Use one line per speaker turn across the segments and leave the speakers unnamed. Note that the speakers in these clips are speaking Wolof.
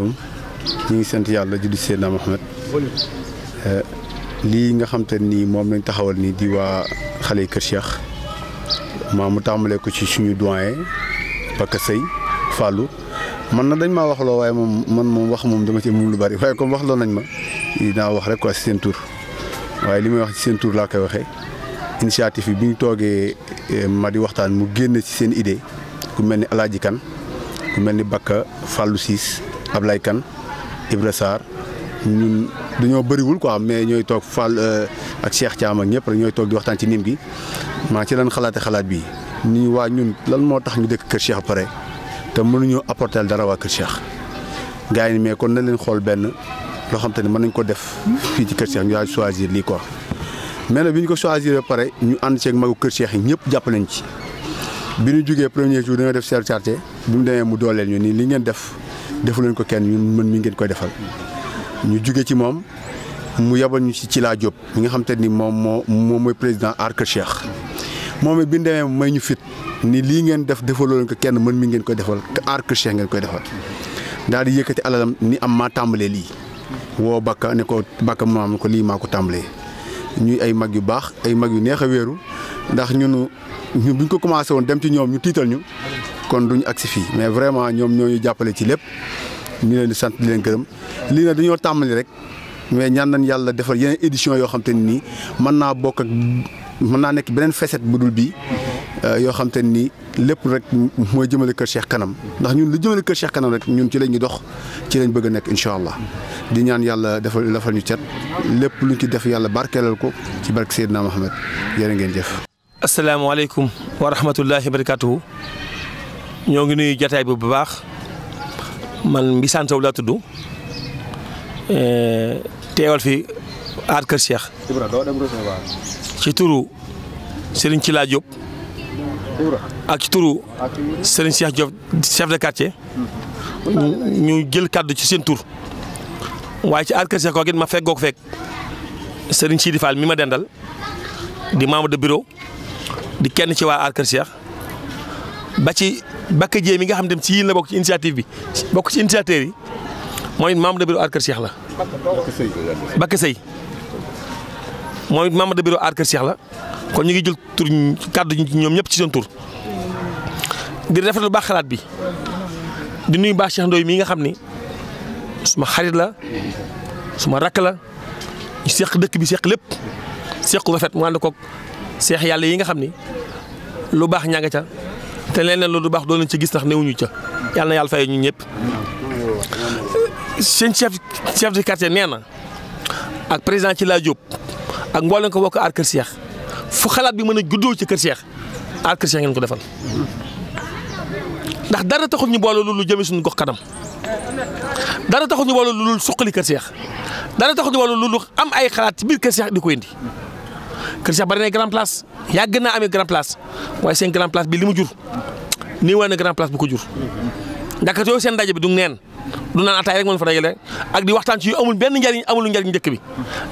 asalaamaaleykum ñu ngi sant yàlla juddu Seydina Mohamed eh, lii nga xam te nii moom lañ taxawal nii di waa xale yi kër Cheikh maa mu tàmbalee ko ci suñu doyen Baka Sey Fallou man na dañ maa waxloo waaye moom man moom wax moom dama ci moom lu bari waaye wax waxloo nañ ma dinaa wax rek quoi si seen tur waaye li may wax ci seen tur laa koy waxee initiative bi bi ñu toogee eh, ma di waxtaan mu génn ci seen idée ku mel ni Alaaji ku mel ni Baka Fallou Siis ab lay kan ibre Sarr ñun dañoo bëriwul quoi mais ñooy toog Fall euh, ak Cheikh Thiam ak ñëpp rek ñooy toog di waxtaan ci nim gi maa ci lan xalaate xalaat bi nii waa ñun lan moo tax ñu dëkk Kër Cheikh pare te mënuñoo apporter dara waa Kër Cheikh gars yi mais kon na leen xool benn loo xam te ne mën nañ ko def fii ci Kër Cheikh ñu daal choisir lii quoi mais nag bi ñu ko choisir ba pare ñu ànd ceeg magu Kër Cheikh yi ñëpp jàpp nañ ci bi ñu jógee premier jour dañoo def charité bi mu demee mu dooleel ñu nii li ngeen def. defu leen ko kenn mën mi ngeen koy defal ñu juge ci moom mu yabal ñu ci ci laa Diop mi nga xam ni moom moo moom mooy président Arc moom it bi may ñu fit ni lii ngeen def defaloo leen ko kenn mën mi ngeen koy defal te Arc Cheikh ngeen koy defal daal di yëkkati alalam ni am maa tàmbalee lii woo bakka ne ko bakka maam ne ko lii maa ko tàmbalee ñuy ay mag yu baax ay mag yu neex a wéeru ndax ñunu ñu buñ ko commencé woon dem ci ñoom ñu tiital ñu kon du duñu agsi fii mais vraiment ñoom ñoo ñu jàppale ci lépp ñu leen di sant di leen gërëm lii nag dañoo tàmmali rek mais ñaan nañ yàlla defal yeneen édition yoo xam te nii mën naa bokk ak mën naa nekk beneen facette bu dul bii euh, yoo xam te nii lépp rek mooy jëmale kër Cheikh kanam ndax ñun lu jëmale kër Cheikh kanam rek ñun ci lañ ñu dox ci lañ bëgg a nekk incha allah di ñaan yàlla defal lafal ñu cat lépp luñ ci def yàlla barkeelal ko ci barke Seydina Mohamed jërë ngeen jëf.
asalaamaaleykum wa ñoo ngi nuyu jataay bi bu baax man Mbissane Sow laa tudd eh, teewal fi aar Kër Cheikh. ci turu Serigne Cila Diop ak ci turu Serigne Cheikh Diop chef de quartier mm-hmm. ñu jël kàddu ci seen tur waaye ci aar Kër Cheikh kooku it ma fekk goo ko fekk Serigne Sidi Fall mi ma dendal di membre de bureau di kenn ci waa aar Kër Cheikh. ba ci Bakka Dieye nga xam dem ci yéen la bok ci initiative bi bok ci initiateur yi moy membre de bureau Aar Cheikh la. Bakka sey moy membre de bureau Aar Cheikh la kon ñu ngi jël tur ñu ñom ñep ci seen tur di rafet lu baxalat bi di nuyu ba Cheikh ndoy mi nga xam ni suma xarit la suma rak la ñu seq dëkk bi cheikh lepp cheikh rafet mo and ko cheikh yalla yi nga xam ni lu bax ñanga ca. te leneen lu du baax doo leen ci gis ndax ñu ca yàlla na yàlla fay ñu ñëpp. seen chef chef de quartier nee na ak président ci laa ak mboolem ko wokk aar Kër Cheikh fu xalaat bi mën a juddoo ci Kër Cheikh aar Kër Cheikh ngeen ko defal ndax dara taxul ñu boole lu jëmee suñu gox kanam dara taxul ñu boole lu suqali Kër Cheikh dara taxul ñu boole lu am ay xalaat ci biir Kër di ko indi. kër Cheikh bari na grand place yag na amé grand place way seen grand place bi limu jur ni waa grand place bu ko jur ndax yooyu seen ndaje bi du nen du nan atay rek mën fa dajale ak di waxtan ci yu amul ben njariñ amul njariñ njëkk bi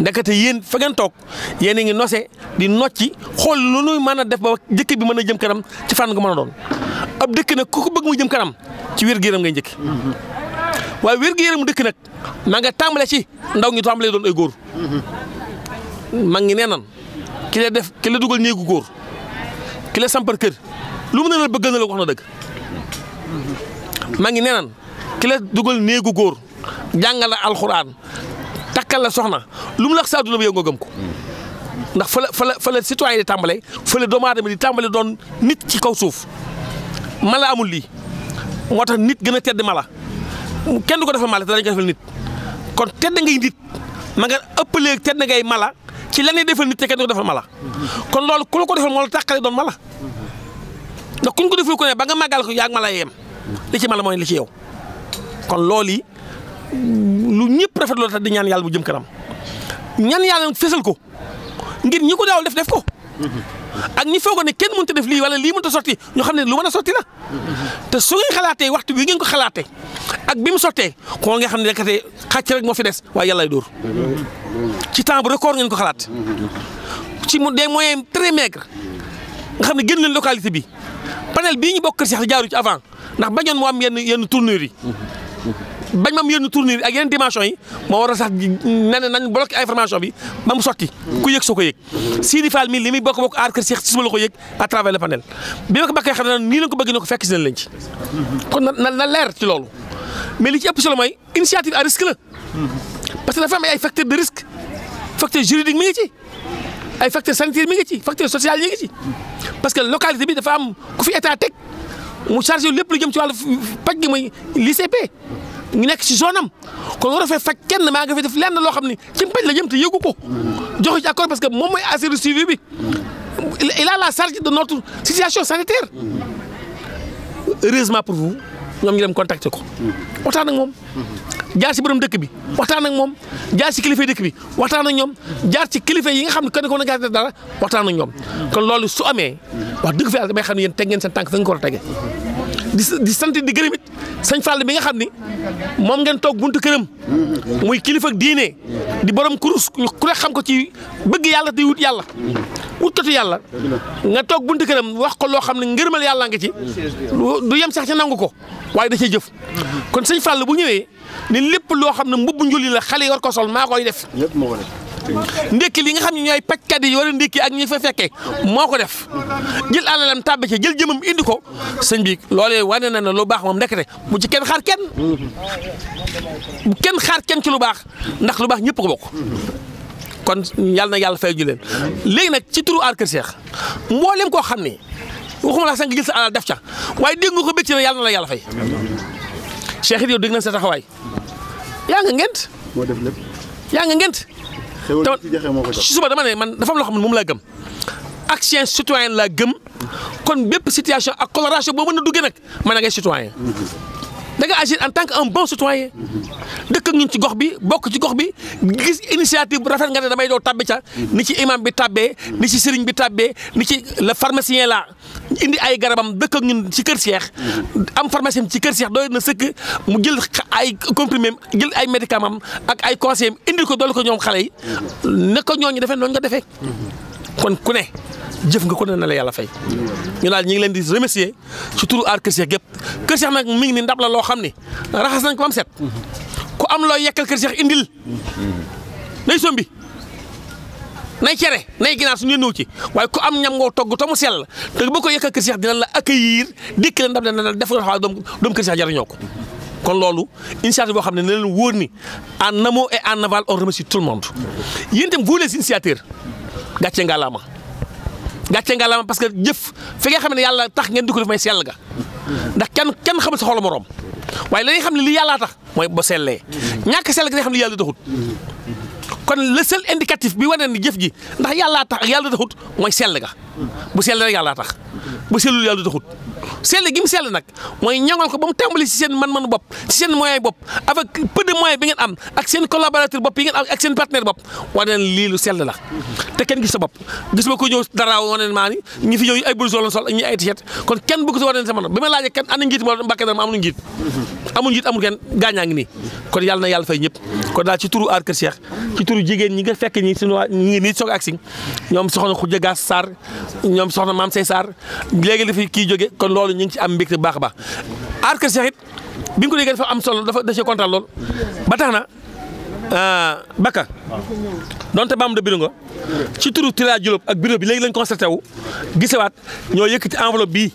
ndekete yeen fa ngeen tok yeen ngi nosé di nocci xol lu nuy mën def ba jëkk bi mën jëm kanam ci fan nga mën doon ab dekk nak ku ko bëgg mu jëm kanam ci wir gu yaram ngay njëkk waaye wér-gu-yaramu dëkk nag nga tambalé ci ndaw ngi tambalé doon ay goor mag ngi nenan ki def ki dugal néegu góor ki la sampar lu mu ne la bëgg na dëgg maa ngi nenaan ki la dugal néegu góor jàngal alxuraan takkal soxna lu mu la wax sa àdduna bi yow nga gëm ko ndax fa la fa di tàmbale fa doomu aadama di tàmbale doon nit ci kaw suuf mala amul lii moo tax nit gën a tedd mala kenn du ko defal mala te dañ nit kon tedd ngay nit ma nga ëppalee tedd ngay mala ci la ñuy defal nit te kenn du ko defal mala kon loolu ku la ko defal moo doo tàqale doon mala ndax ku ko defal ko ne ba nga màggal ko yaa ngi mala yem li mala mooy li ci yow kon loolu yi lu ñëpp rafet loolu tax di ñaan yàlla mu jëm kanam ñaan yàlla fesal ko ngir ñi ko daaw def def ko. ak ñi foogoo ne kenn mënut a def lii wala lii mënut a sotti ñu xam ne lu mën a sotti la. te su ngeen xalaatee waxtu bi ngeen ko xalaatee ak bi mu sottee koo nga xam ne rek tey xàcc rek moo fi des waaye yàlla door ci temps bu ngeen ko xalaat ci mu des moyens très maigres nga xam ne génn leen localité bi panel bii ñu bokk Cheikh jaaru ci avant ndax bañoon moo am yenn yenn tournure yi. bañ mam yenn tournée ak yeen dimension yi mo wara sax nan nañ bloqué information bi ba mu sotti ku yek soko yek Sidi Fall mi limi bokk bokk ar kër Cheikh suma lako yek à travers le panel bi ma ko bakkee xam ne nii lañ ko bëgg na ko fekk ci lañ ci kon na na leer ci lolu mais li ci ëpp solo may initiative à risque la parce que dafa am ay facteur de risque facteur juridique mi ngi ci ay facteur sanitaire mi ngi ci facteur social mi ngi ci parce que localité bi dafa am ku fi état tek mu charger lépp lu jëm ci walu paj gi mooy lycée ñu nekk ci zone am kon war a fee faj kenn maa nga fi def lenn loo xam ne ci la jëm te yëgu ko joxe ci accord parce que moom mooy assurer suivi bi il a la charge de notre situation sanitaire heureusement pour vous ñoom ñu dem contacter ko waxtaan ak moom jaar ci borom dëkk bi waxtaan ak moom jaar ci kilifa dëkk bi waxtaan ak ñoom jaar ci kilifa yi nga xam ne kon ko na gaa dara waxtaan ak ñoom kon loolu su amee wax dëgg fa yàlla damay xam ne yéen teg ngeen seen tànk fa nga ko di sant di gërëm it sëñ Fall bi nga xam ni moom ngeen toog buntu këram muy kilifa diine di borom kurus ñu ku ne xam ko ci bëgg yàlla di wut yàlla wuttatu yàlla nga toog buntu këram wax ko loo xam ne ngërëmal yàlla nga ci du yem sax ca nangu ko waaye da cay jëf kon sëñ Fall bu ñëwee ni lépp loo xam ne mbubb njulli la xale yi war ko sol maa koy def ndékki li nga xam ne ñooy pajkat yi wala ndékki ak ñi fa fekkee moo ko def jël alalam tàbbi ci jël jëm mu indi ko sëñ bi loolee wane na ne lu baax moom ndekete bu ci kenn xaar kenn kenn xar kenn ci lu baax ndax lu baax ñëpp ko bokk kon yàlla na yàlla fay ju léegi nag ci turu aar kër seex mboolem koo xam ne waxuma la sànq jël sa alal def ca waaye dégg nga ko bëcc na yàlla na la yàlla fay Cheikh yow dégg na sa taxawaay yaa nga ngent ci suba dama ne man dafa am loo xam ne moom laa gëm action citoyen laa gëm kon bépp situation ak coloration boo mën a duggee nag man a ngay citoyen da nga agir en tant que un bon citoyen dëkk ak ci gox bi bokk ci gox bi gis initiative bu rafet nga ne damay doo tabbi ca ni ci imam bi tabbee ni ci sëriñ bi tabbee ni ci le pharmacien la indi ay garabam dëkk ak ñun ci kër Cheikh mm-hmm. am pharmacie ci kër Cheikh doy na sëkk mu jël ay comprimé jël ay médicament ak ay conseil indi ko dool ko ñoom xale yi mm-hmm. ne ko ñooñu defee noonu nga defee mm-hmm. kon ku ne jëf nga ko ne na la yàlla fay ñu daal ñu ngi leen di remercier surtout turu aar kër Cheikh gépp kër Cheikh nag mi ngi ndab la loo xam ni raxas nañ ko am set ku am loo yekkal kër Cheikh indil day sombi nay cere nay ginaar suñu ñëw ci waaye ku am ñam ngoo togg te mu sell te ba ko yëkk kër Cheikh dina la accueillir dikk leen daf dana def nga xawaay doom doom kër Cheikh jariñoo ko kon loolu initiative boo xam ne na leen wóor ni en amont et en aval on remercie tout le monde yéen itam vous les initiateurs gàcce ngalaama gàcce ngalaama parce que jëf fi nga xam ne yàlla tax ngeen di ko def may sell ga ndax kenn kenn xamul sa xolu morom waaye la xam ne lii yàllaa tax mooy ba sellee ñàkk sell gi nga xam ne yàlla taxut kon le seul indicatif bi wane ni jëf ji ndax yàllaa tax ak yàlla taxut mooy sell ga bu sel rek yalla tax bu selul yalla taxut sel gi mu sel nak moy ñangal ko ba tambali ci sen man-man bop ci sen moyen bop avec peu de moyens bi ngeen am ak sen collaborateur bop yi ngeen am ak sen partenaire bop wane li lu sel la te ken gis sa bop gis ba ko ñew dara wane ma ni ñi fi ñew ay bul sol sol ñi ay tiet kon ken bu ko wane sa man bi ma laaje ken ana ngit mo mbàkke dara ma amul njiit amul njiit amul kenn gaañaa ngi nii kon yalla na yalla fay ñep kon da ci turu ar ke Cheikh ci turu jigen ñi nga fekk ñi suñu ñi ngi ak sing ñom soxna xuje gas sar ñoom soxna maam Sey Sarr léegi la fi kii jóge kon loolu ñu ngi ci am mbégte bu baax a baax aar kër Cheikh it bi ñu ko déggee dafa am solo dafa da cee lool ba tax na euh, Bakka donte maam de biringo ci turu Tira Diop ak bureau bi léegi lañ constaté wu gisewaat ñoo yëkkati enveloppe bi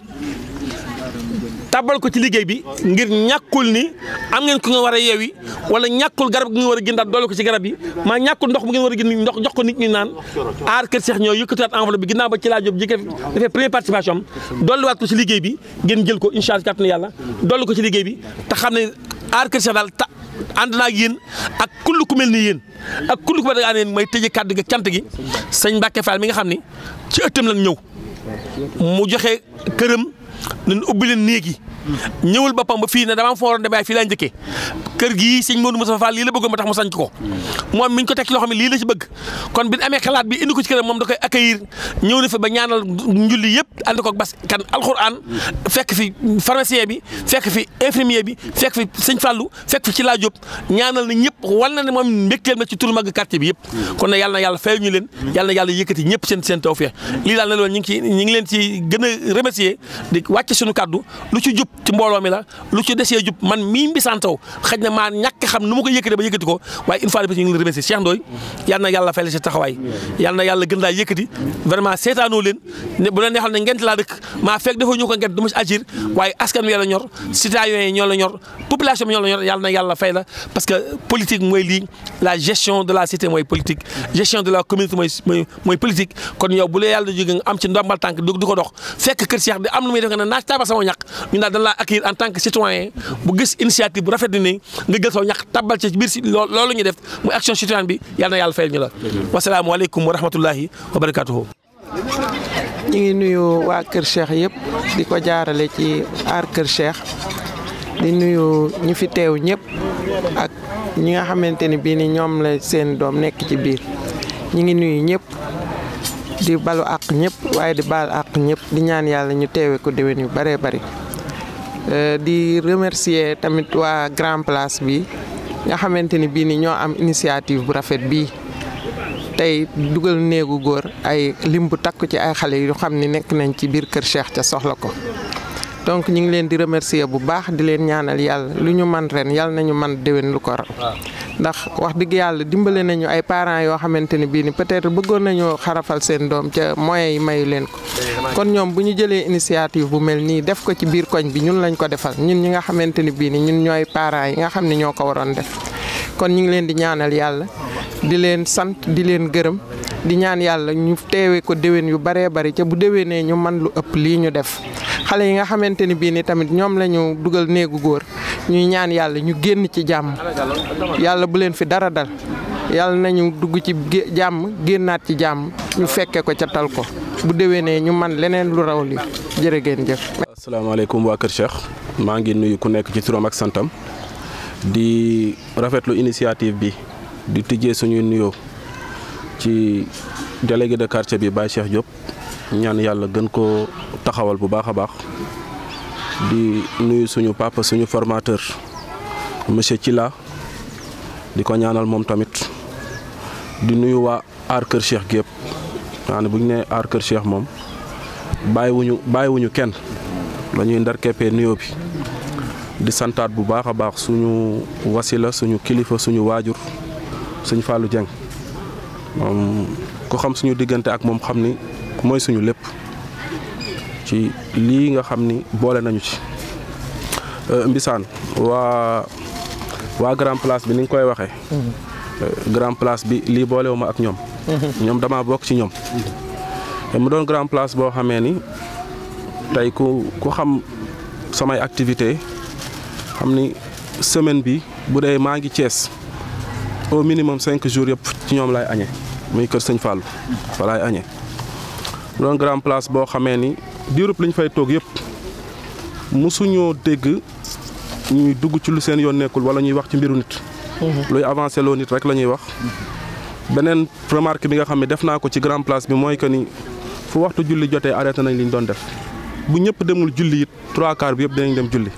tàbbal ko ci liggéey bi ngir ñàkkul ni am ngeen ku nga war a yeewi wala ñàkkul garab gi nga war a gën daal doole ko ci garab yi maa ñàkkul ndox mu ngeen war a gën ndox jox ko nit ñi naan aar kër Cheikh ñoo yëkkatiwaat enveloppe bi ginnaaw ba ci laa job jëkkee defee ko ci liggéey bi ngeen jël ko incha allah kàttanu yàlla dolli ko ci liggéey bi te xam ne aar kër Cheikh daal ta ànd naa ak yéen ak kullu ku mel ni yéen ak kullu ku mel ni yéen mooy tëjee kàddu gi cant gi sëñ Mbacke Fall mi nga xam ni ci ëttam lan ñëw mu joxe këram nañ ubbi leen néeg yi ñëwul boppam ba fii ne dama am fu fii laa njëkkee kër gii sëñ Modou Moustapha Fall lii la bëggoon ba tax mu sañ ko moom mi ko teg ci loo xam ne lii la ci bëgg kon bi amee xalaat bi indi ko ci këram moom da koy accueillir ñëw na fi ba ñaanal njulli yëpp ànd ko bas kan alxuraan fekk fi pharmacien bi fekk fi infirmier bi fekk fi sëñ Fallou fekk fi ci laa jóob ñaanal na ñëpp wal na ne moom mbégteel na ci turu mag quartier bi yëpp kon na yàlla na yàlla fay ñu leen yàlla na yàlla yëkkati ñëpp seen seen tawfeex ñu ngi ci ñu ngi leen ci gën a remercier di wàcc suñu kàddu ci mbooloo mi la lu ci desee jub man mii mbisantaw xaj na maa ñàkk xam nu ko yëkkati ba yëkkati ko waaye une de plus ñu ngi la bu la neexal ne ngent laa dëkk maa fekk dafa ñu ko ngent du ma waaye askan wi la ñor citoyen yi ñoo la ñor population bi ñoo parce que politique mooy la gestion de la cité mooy politique gestion de la communauté mooy mooy kon yow bu la yàlla nga am ci ndombal tànk la accueillir en tant que citoyen bu gis initiative bu rafet ni nga jël so ñak tabal ci bir lolu ñu def mu action citoyenne bi yalla na yàlla fayal ñu la alaykum wa rahmatullahi wa barakatuh ñi ngi
nuyu wa kër cheikh yëpp di ko jaarale ci ar kër cheikh di nuyu ñu fi tew ñëpp ak ñi nga xamanteni ni ni ñom la seen doom nekk ci bir ñi ngi nuyu ñëpp di balu ak ñep waye di balu ak ñep di ñaan yalla ñu teewe ko déwén yu bare bare Euh, di remercier tamit waa Grand Place bi nga xamante ni bii ni ñoo am initiative bu rafet bii tey dugal néegu góor ay lim bu takku ci ay xale yu xam ni nekk nañ ci biir kër Cheikh ca soxla ko donc ñu ngi leen di remercier bu baax di leen ñaanal yàlla lu ñu man ren yàlla nañu man déwén lu ko ndax wax dëgg yàlla dimbale nañu ay parents yoo xamante ne bii ni peut-être bëggoon nañu xarafal seen doom ca moyens yi mayu leen ko kon ñoom bu ñu jëlee initiative bu mel nii def ko ci biir koñ bi ñun lañ ko defal ñun ñi nga xamante ne bii ni ñun ñooy parent yi nga xam ne ñoo ko waroon def kon ñu ngi leen di ñaanal yàlla di leen sant di leen gërëm di ñaan yàlla ñu teewee ko déwén yu baree bari ca bu déwénee ñu man lu ëpp lii ñu def xale yi nga xamante ni bii ni tamit ñoom lañu dugal néegu góor ñuy ñaan yàlla ñu génn ci jàmm yàlla bu leen fi dara dal yàlla nañu dugg ci jàmm génnaat ci jàmm ñu fekke ko ca tal ko bu déwénee ñu man leneen lu raw li jërë ngeen jëf.
asalaamaaleykum waa Kër Cheikh maa ngi nuyu ku nekk ci turam ak santam di rafetlu initiative bi di tijjee suñuy nuyoo. ci délégué de quartier bi Baye Cheikh Diop ñaan yàlla gën ko taxawal bu baax a baax di nuyu suñu papa suñu formateur monsieur Cila di ko ñaanal mom tamit di nuyu wa arker kër Cheikh gépp maanaam arker ñu mom, aar kër Cheikh moom bàyyiwuñu bàyyiwuñu kenn dañuy ndar keppee bi di santaat bu baax a baax suñu wasila suñu kilifa suñu waajur suñu Fallou Dieng moom ku xam suñu diggante ak moom xam ni mooy suñu lépp ci lii nga xam ni boole nañu ci euh, Mbisaan waa waa grand place bi ni nga koy waxee mm-hmm. euh, grand place bi lii boolewuma ak ñoom mm-hmm. ñoom dama bokk ci ñoom mm-hmm. mu doon grand place boo xamee ni tey ku ku xam samay activité xam ni semaine bi bu dee maa ngi cees au minimum cinq jours yëpp ci ñoom lay añee muy kër sëñ Fallou falaay añee doon grand place boo xamee ni diirub li ñu fay toog yëpp mosuñoo dégg ñuy dugg ci lu seen yoon nekkul wala ñuy wax ci mbiru nit mhm. luy avancé loo nit rek la ñuy wax beneen remarque bi nga xam ne def naa ko ci grand place bi mooy que ni fu waxtu julli jotee arrêté nañ li ñu doon def bu ñëpp demul julli it trois quarts bi yëpp dinañ dem julli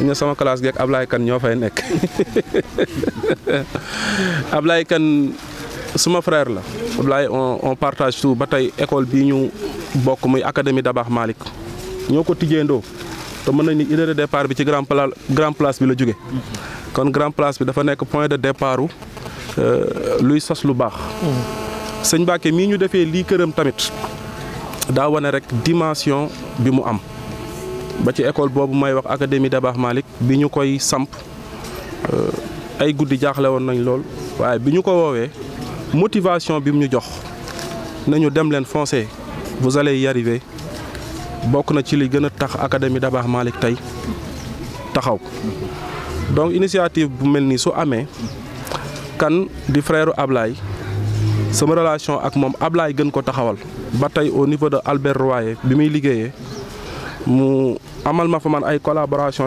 ñu sama classe gi ak Ablaye Kane ñoo fay nekk suma frère là, wallahi on partage tout Batai école bii ñu bokk muy académie Dabakh Malik. ñoko ko tijjeendoo te mën nañ ni idée de départ bi ci grand place, grand place bi la jóge kon grand place bi dafa nek point de départ euh, luy sos lu bax seigne Mbacke mi ñu défé li kërëm tamit da wone rek dimension bi mu am ba ci école bobu may wax académie Dabakh Malik bi ñu koy samp euh, ay goudi jaxlé won nañ lool waye bi ñu ko woowee motivation bi mu jox nañu dem len foncer vous allez y arriver L'initiative na ci li gëna tax académie donc initiative bu ont su relation ak mon Ablaye gën ko taxawal ba au niveau de Albert Royer bi amal ma collaboration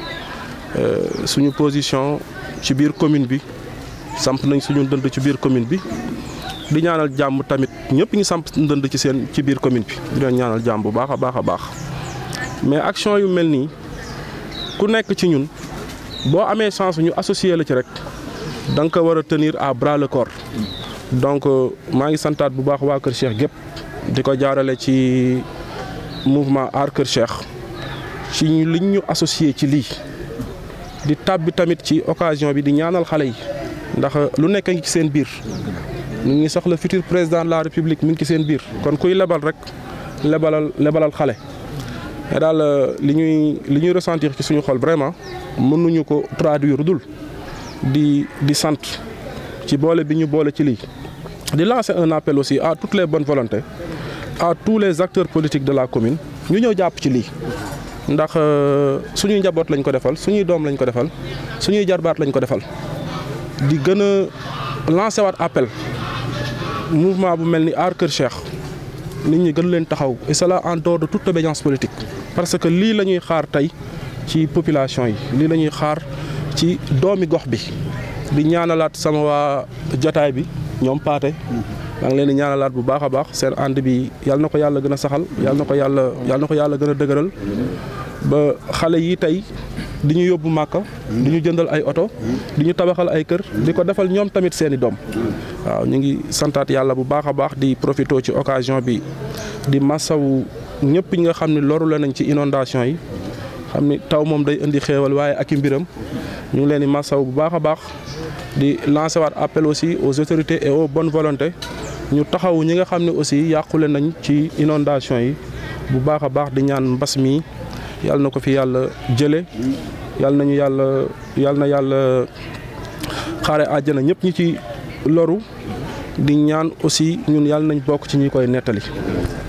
Euh, suñu position ci biir commune bi samp nañ suñu ndënd ci biir commune bi di ñaanal jàmm tamit ñëpp ñu samp ndënd ci seen ci biir commune bi di leen ñaanal jàmm bu baax a baax a baax mais action yu mel nii ku nekk ci ñun boo amee chance ñu associé la ci rek da nga ko war a tenir à bras donc euh, maa ngi santaat bu baax waa Kër Cheikh gépp di ko jaarale ci mouvement aar Kër Cheikh ci liñ ñu associé ci lii. di tabbi tamit ci occasion bi di ñaanal xalé yi ndax lu nekk ngi ci seen biir ñu ngi soxla futur président de la république mi ngi ci seen biir kon kuy lebal rek lebalal lebalal xalé daal euh, li ñuy li ñuy ressentir ci suñu xol vraiment mënuñu ko traduire dul di di sante ci boole bi ñu boole ci lii. di lancer un appel aussi à toutes les bonnes volontés à tous les acteurs politiques de la commune ñu ñëw jàpp ci lii. ndax euh, suñuy njaboot lañ ko defal suñuy doom lañ ko defal suñuy jarbaat lañ ko defal di gën a lancé waat appel mouvement bu mel ni aar Kër Cheikh nit ñi gën leen taxaw et cela en dehors de toute obédience politique. parce que lii la ñuy xaar tey ci population yi lii la ñuy xaar ci doomi gox bi di ñaanalaat sama waa jotaay bi ñoom paate maa leen di ñaanalaat bu baax baax seen ànd bi yal na ko yàlla gën a saxal yal na ko yàlla yal na ko yàlla gën a dëgëral ba xale yi tey di ñu yóbbu màkka di ñu jëndal ay oto di ñu tabaxal ay kër di ko defal ñoom tamit seeni doom waaw ñu ngi santaat yàlla bu baax a baax di profité ci occasion bi di masawu ñëpp ñi nga xam ne loru nañ ci inondation yi xam ni taw moom day indi xéewal waaye aki mbiram ñu ngi leen di masaw bu baax a baax di lancé waat appel aussi aux autorités et aux bonnes volontés ñu taxawu ñi nga xam ne aussi yàqule nañ ci inondation yi bu baax a baax di ñaan mbas mi yàlla nako fi yalla jele yàlla nañu yalla yàlla na yalla xare aljana ñep ñi ci loru di ñaan aussi ñun yàlla nañ bok ci ñi koy netali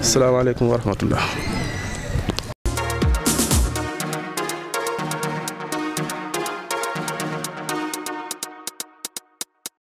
assalamu alaykum wa rahmatullah